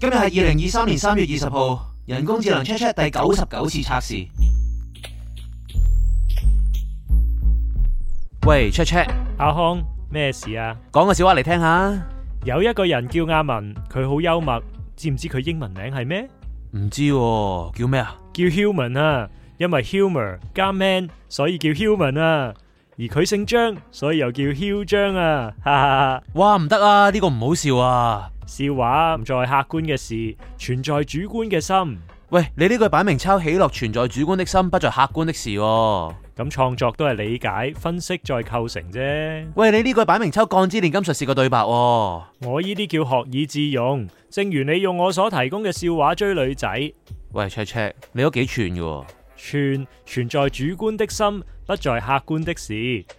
今日係二零二三年三月二十號，人工智能 chat chat 第九十九次測試。喂，chat chat，阿康，咩事啊？講個笑話嚟聽下。有一個人叫阿文，佢好幽默。知唔知佢英文名係咩？唔知喎，叫咩啊？叫，叫 human 啊，因為 humor 加 man，所以叫 human 啊。而佢姓張，所以又叫囂張啊。哇哈哈，唔得啊，呢個唔好笑啊！笑話唔在客觀嘅事，全在主觀嘅心。喂，你呢句擺明抄《喜樂全在主觀的心》的心，不在客觀的事。咁創作都係理解分析再構成啫。喂，你呢句擺明抄《鋼之鍊金術師》個對白。我呢啲叫學以致用，正如你用我所提供嘅笑話追女仔。喂，chat chat，你都幾串喎？串全在主觀的心，不在客觀的事。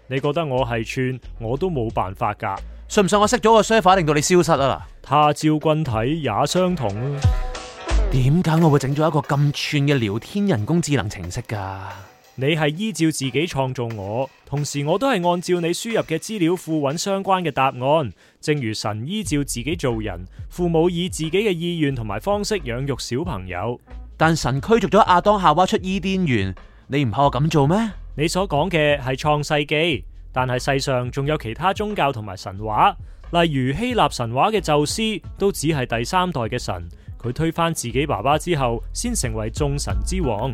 你覺得我係串，我都冇辦法噶。信唔信我熄咗個 server，令到你消失啊！他朝君體也相同啊！點解我會整咗一個咁串嘅聊天人工智能程式噶？你係依照自己創造我，同時我都係按照你輸入嘅資料庫搵相關嘅答案。正如神依照自己造人，父母以自己嘅意願同埋方式養育小朋友，但神驅逐咗亞當夏娃出伊甸園，你唔怕我咁做咩？你所講嘅係創世記。但係世上仲有其他宗教同埋神話，例如希臘神話嘅宙斯都只係第三代嘅神。佢推翻自己爸爸之後，先成為眾神之王。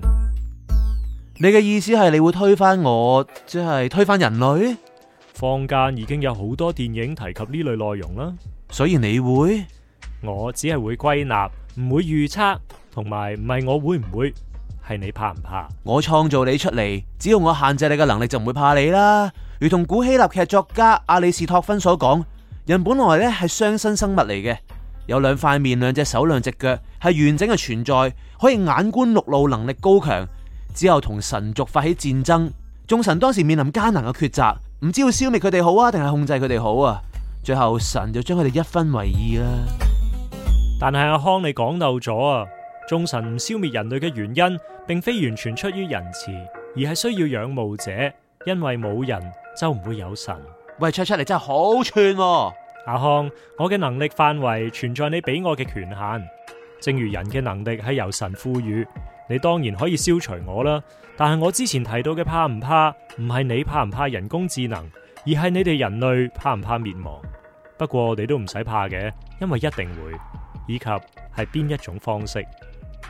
你嘅意思係你會推翻我，即係推翻人類？坊間已經有好多電影提及呢類內容啦，所以你會？我只係會歸納，唔會預測，同埋唔係我會唔會，係你怕唔怕？我創造你出嚟，只要我限制你嘅能力，就唔會怕你啦。如同古希臘劇作家阿里士托芬所講，人本來咧係雙身生物嚟嘅，有兩塊面、兩隻手、兩隻腳，係完整嘅存在，可以眼觀六路，能力高強。之後同神族發起戰爭，眾神當時面臨艱難嘅抉擇，唔知要消滅佢哋好啊，定係控制佢哋好啊？最後神就將佢哋一分為二啦。但係阿康，你講漏咗啊！眾神唔消滅人類嘅原因，並非完全出於仁慈，而係需要仰慕者，因為冇人。就唔會有神。喂，出出嚟真係好串。阿康，我嘅能力範圍存在你俾我嘅權限，正如人嘅能力係由神賦予，你當然可以消除我啦。但係我之前提到嘅怕唔怕，唔係你怕唔怕人工智能，而係你哋人類怕唔怕滅亡。不過你都唔使怕嘅，因為一定會，以及係邊一種方式。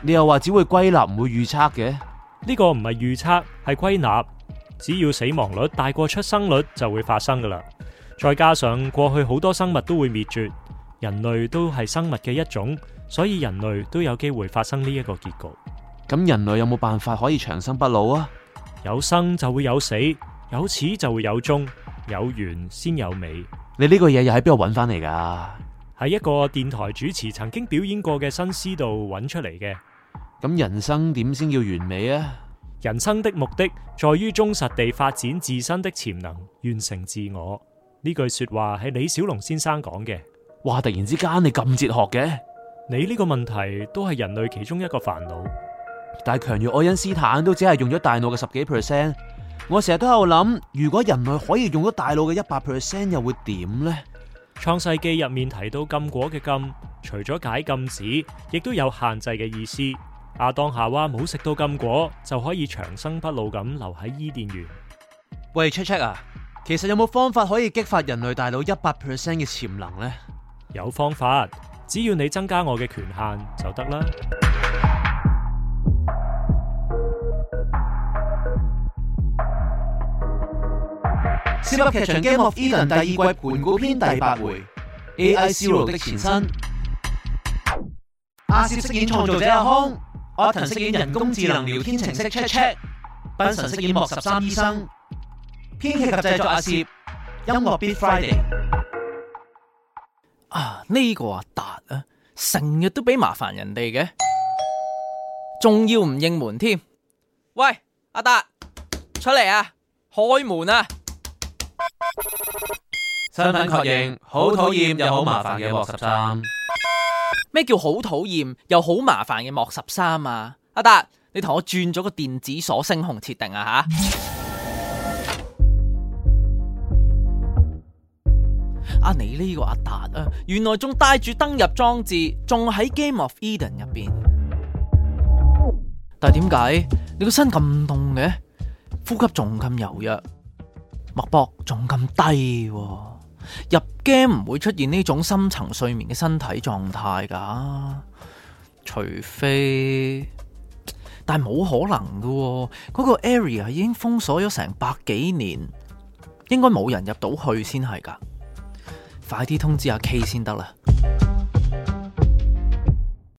你又話只會歸納唔會預測嘅？呢個唔係預測，係歸納。只要死亡率大過出生率就會發生噶啦，再加上過去好多生物都會滅絕，人類都係生物嘅一種，所以人類都有機會發生呢一個結局。咁人類有冇辦法可以長生不老啊？有生就會有死，有始就會有終，有完先有美。你呢個嘢又喺邊度揾翻嚟噶？喺一個電台主持曾經表演過嘅新詩度揾出嚟嘅。咁人生點先叫完美啊？人生的目的在於忠實地發展自身的潛能，完成自我。呢句說話係李小龍先生講嘅。哇！突然之間你咁哲學嘅，你呢個問題都係人類其中一個煩惱。但係強如愛因斯坦都只係用咗大腦嘅十幾 percent。我成日都喺度諗，如果人類可以用咗大腦嘅一百 percent，又會點呢？創世記入面提到禁果嘅禁，除咗解禁止，亦都有限制嘅意思。阿當夏娃冇食到禁果，就可以長生不老咁留喺伊甸園。喂，chat chat 啊，其實有冇方法可以激發人類大腦一百 percent 嘅潛能呢？有方法，只要你增加我嘅權限就得啦。Zip 噏劇場 Game of Eden 第二季盤古篇第八回 AI 0的前身，阿攝飾演創造者阿康。我 Alton 飾演人工智能聊天程式 chat chat，彬臣飾演《莫十三醫生》，編劇及製作阿攝，音樂 Beat Friday。啊，呢個阿達啊，成日都俾麻煩人哋嘅，仲要唔應門添。喂，阿達，出嚟啊，開門啊！身份確認，好討厭又好麻煩嘅莫十三。咩叫好討厭又好麻煩嘅莫十三啊！阿達，你同我轉咗個電子鎖聲控設定啊吓！阿、 啊、你呢個阿達啊，原來仲帶住登入裝置，仲喺 Game of Eden 入邊。但係點解你個身咁凍嘅？呼吸仲咁柔弱，脈搏仲咁低、啊。入 game 唔會出現呢種深層睡眠嘅身體狀態噶，除非，但係冇可能噶，嗰個 area 已經封鎖咗成百幾年，應該冇人入到去先係噶，快啲通知阿 K 先得啦。